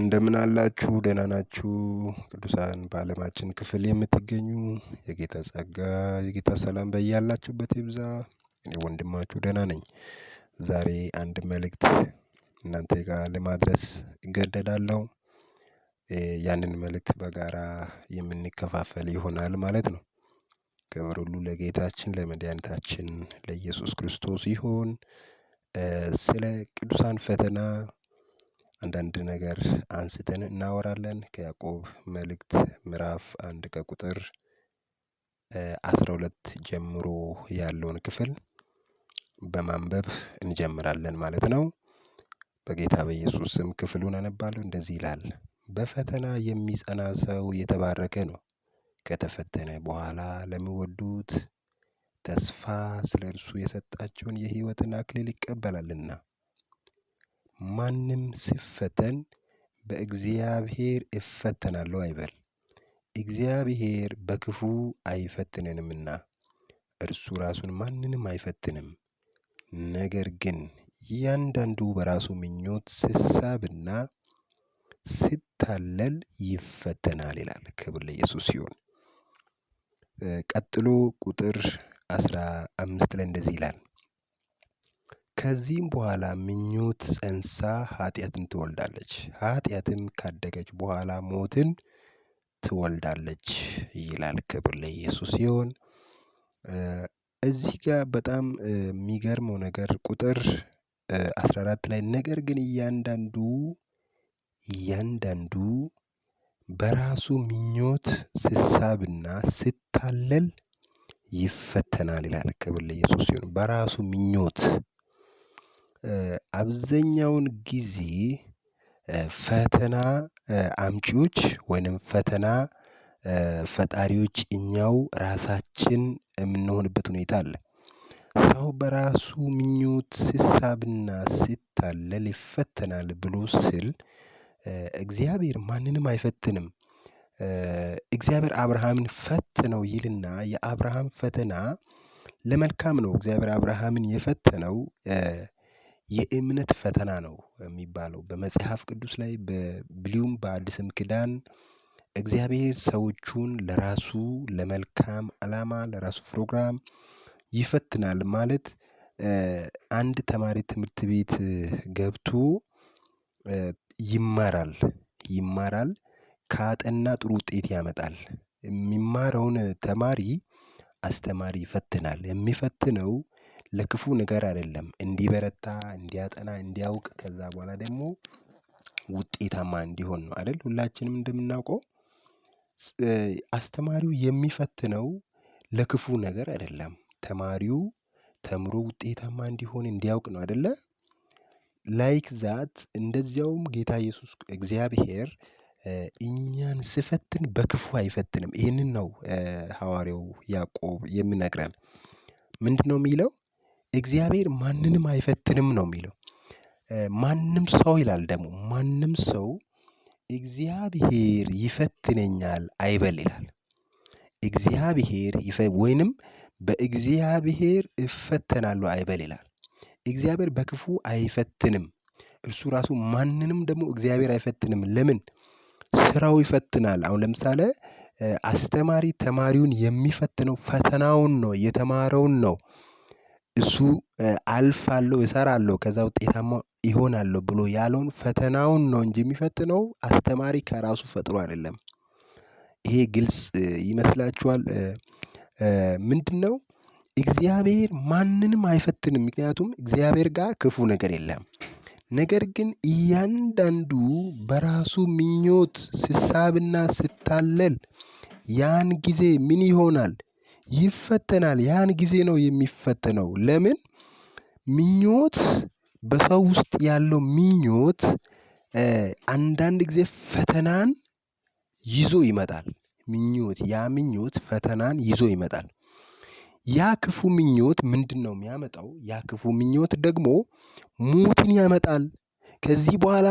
እንደምን አላችሁ ደህና ናችሁ ቅዱሳን በአለማችን ክፍል የምትገኙ የጌታ ጸጋ የጌታ ሰላም በያላችሁበት ይብዛ እኔ ወንድማችሁ ደህና ነኝ። ዛሬ አንድ መልእክት እናንተ ጋር ለማድረስ እገደዳለሁ። ያንን መልእክት በጋራ የምንከፋፈል ይሆናል ማለት ነው። ክብር ሁሉ ለጌታችን ለመድኃኒታችን ለኢየሱስ ክርስቶስ ይሁን። ስለ ቅዱሳን ፈተና አንዳንድ ነገር አንስተን እናወራለን ከያዕቆብ መልእክት ምዕራፍ አንድ ከቁጥር አስራ ሁለት ጀምሮ ያለውን ክፍል በማንበብ እንጀምራለን ማለት ነው። በጌታ በኢየሱስ ስም ክፍሉን አነባለሁ እንደዚህ ይላል በፈተና የሚጸና ሰው የተባረከ ነው። ከተፈተነ በኋላ ለሚወዱት ተስፋ ስለ እርሱ የሰጣቸውን የህይወትን አክሊል ይቀበላልና ማንም ሲፈተን በእግዚአብሔር እፈተናለሁ አይበል። እግዚአብሔር በክፉ አይፈትንንምና እርሱ ራሱን ማንንም አይፈትንም። ነገር ግን እያንዳንዱ በራሱ ምኞት ስሳብና ስታለል ይፈተናል ይላል። ክብር ለኢየሱስ ሲሆን ቀጥሎ ቁጥር አስራ አምስት ላይ እንደዚህ ይላል ከዚህም በኋላ ምኞት ጸንሳ ኃጢአትን ትወልዳለች ኃጢአትም ካደገች በኋላ ሞትን ትወልዳለች ይላል ክብር ለኢየሱስ ሲሆን እዚህ ጋር በጣም የሚገርመው ነገር ቁጥር አስራ አራት ላይ ነገር ግን እያንዳንዱ እያንዳንዱ በራሱ ምኞት ስሳብና ስታለል ይፈተናል ይላል ክብር ለኢየሱስ ሲሆን በራሱ ምኞት አብዛኛውን ጊዜ ፈተና አምጪዎች ወይንም ፈተና ፈጣሪዎች እኛው ራሳችን የምንሆንበት ሁኔታ አለ። ሰው በራሱ ምኞት ሲሳብና ሲታለል ይፈተናል ብሎ ስል እግዚአብሔር ማንንም አይፈትንም። እግዚአብሔር አብርሃምን ፈትነው ይልና የአብርሃም ፈተና ለመልካም ነው እግዚአብሔር አብርሃምን የፈተነው የእምነት ፈተና ነው የሚባለው በመጽሐፍ ቅዱስ ላይ በብሉይም በአዲስም ኪዳን እግዚአብሔር ሰዎቹን ለራሱ ለመልካም አላማ ለራሱ ፕሮግራም ይፈትናል ማለት አንድ ተማሪ ትምህርት ቤት ገብቶ ይማራል ይማራል ካጠና ጥሩ ውጤት ያመጣል የሚማረውን ተማሪ አስተማሪ ይፈትናል የሚፈትነው ለክፉ ነገር አይደለም እንዲበረታ እንዲያጠና እንዲያውቅ ከዛ በኋላ ደግሞ ውጤታማ እንዲሆን ነው አይደል ሁላችንም እንደምናውቀው። አስተማሪው የሚፈትነው ለክፉ ነገር አይደለም ተማሪው ተምሮ ውጤታማ እንዲሆን እንዲያውቅ ነው አይደለ። ላይክ ዛት እንደዚያውም ጌታ ኢየሱስ እግዚአብሔር እኛን ስፈትን በክፉ አይፈትንም ይህንን ነው ሐዋርያው ያዕቆብ የሚነግረን። ምንድነው የሚለው? እግዚአብሔር ማንንም አይፈትንም ነው የሚለው። ማንም ሰው ይላል ደግሞ ማንም ሰው እግዚአብሔር ይፈትነኛል አይበል ይላል። እግዚአብሔር ወይንም በእግዚአብሔር እፈተናለሁ አይበል ይላል። እግዚአብሔር በክፉ አይፈትንም። እርሱ ራሱ ማንንም ደግሞ እግዚአብሔር አይፈትንም ለምን? ስራው ይፈትናል አሁን ለምሳሌ አስተማሪ ተማሪውን የሚፈትነው ፈተናውን ነው የተማረውን ነው እሱ አልፋለሁ እሰራለሁ ከዛ ውጤታማ ይሆናለሁ ብሎ ያለውን ፈተናውን ነው እንጂ የሚፈትነው አስተማሪ ከራሱ ፈጥሮ አይደለም። ይሄ ግልጽ ይመስላችኋል? ምንድነው? እግዚአብሔር ማንንም አይፈትንም ምክንያቱም እግዚአብሔር ጋር ክፉ ነገር የለም። ነገር ግን እያንዳንዱ በራሱ ምኞት ስሳብና ስታለል ያን ጊዜ ምን ይሆናል ይፈተናል። ያን ጊዜ ነው የሚፈተነው። ለምን? ምኞት በሰው ውስጥ ያለው ምኞት አንዳንድ ጊዜ ፈተናን ይዞ ይመጣል። ምኞት ያ ምኞት ፈተናን ይዞ ይመጣል። ያ ክፉ ምኞት ምንድነው የሚያመጣው? ያ ክፉ ምኞት ደግሞ ሞትን ያመጣል። ከዚህ በኋላ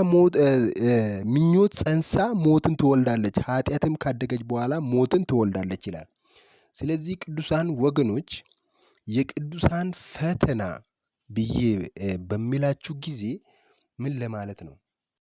ምኞት ፀንሳ ሞትን ትወልዳለች ኃጢአትም ካደገች በኋላ ሞትን ትወልዳለች ይላል ስለዚህ ቅዱሳን ወገኖች የቅዱሳን ፈተና ብዬ በሚላችሁ ጊዜ ምን ለማለት ነው